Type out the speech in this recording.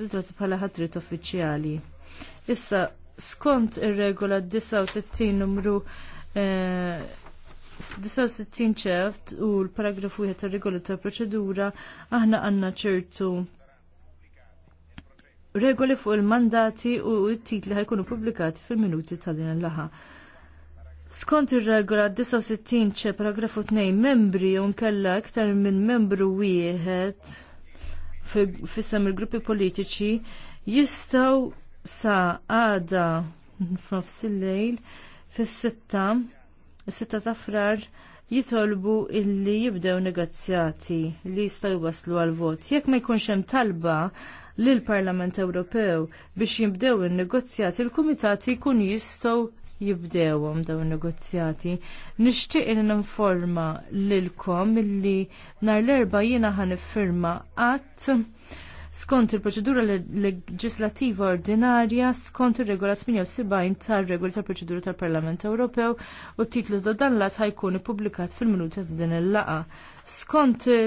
Ziltrati bħala ħatrit uffiċjali. Issa, skont ir-regola 69 numru 69 eh, ċeft u l-paragrafu jħet regola ta' proċedura, aħna għanna ċertu regoli fuq il-mandati u t-titli ħajkunu publikati fil-minuti ta' din l-laħa. Skont ir-regola 69 ċe paragrafu 2 membri unkella iktar minn membru wieħed fissem il-gruppi politiċi jistaw sa għada f'nofs il-lejl fis-sitta, sitta ta' frar jitolbu illi jibdew negozjati li jistaw waslu għal-vot. Jekk ma jkunx hemm talba lill-Parlament Ewropew biex jibdew in-negozjati, il-kumitati jkun jistgħu jibdewhom dawn negozjati. Nixtieq li ninforma lilkom milli nhar l-erba' jiena firma għat skont il-proċedura leġislativa ordinarja skont ir-regola 78 tar-regola tal-proċedura tal-Parlament Ewropew u t titlu ta' dan lat ħajkun ippubblikat fil-minuta ta' din il-laqa. Skont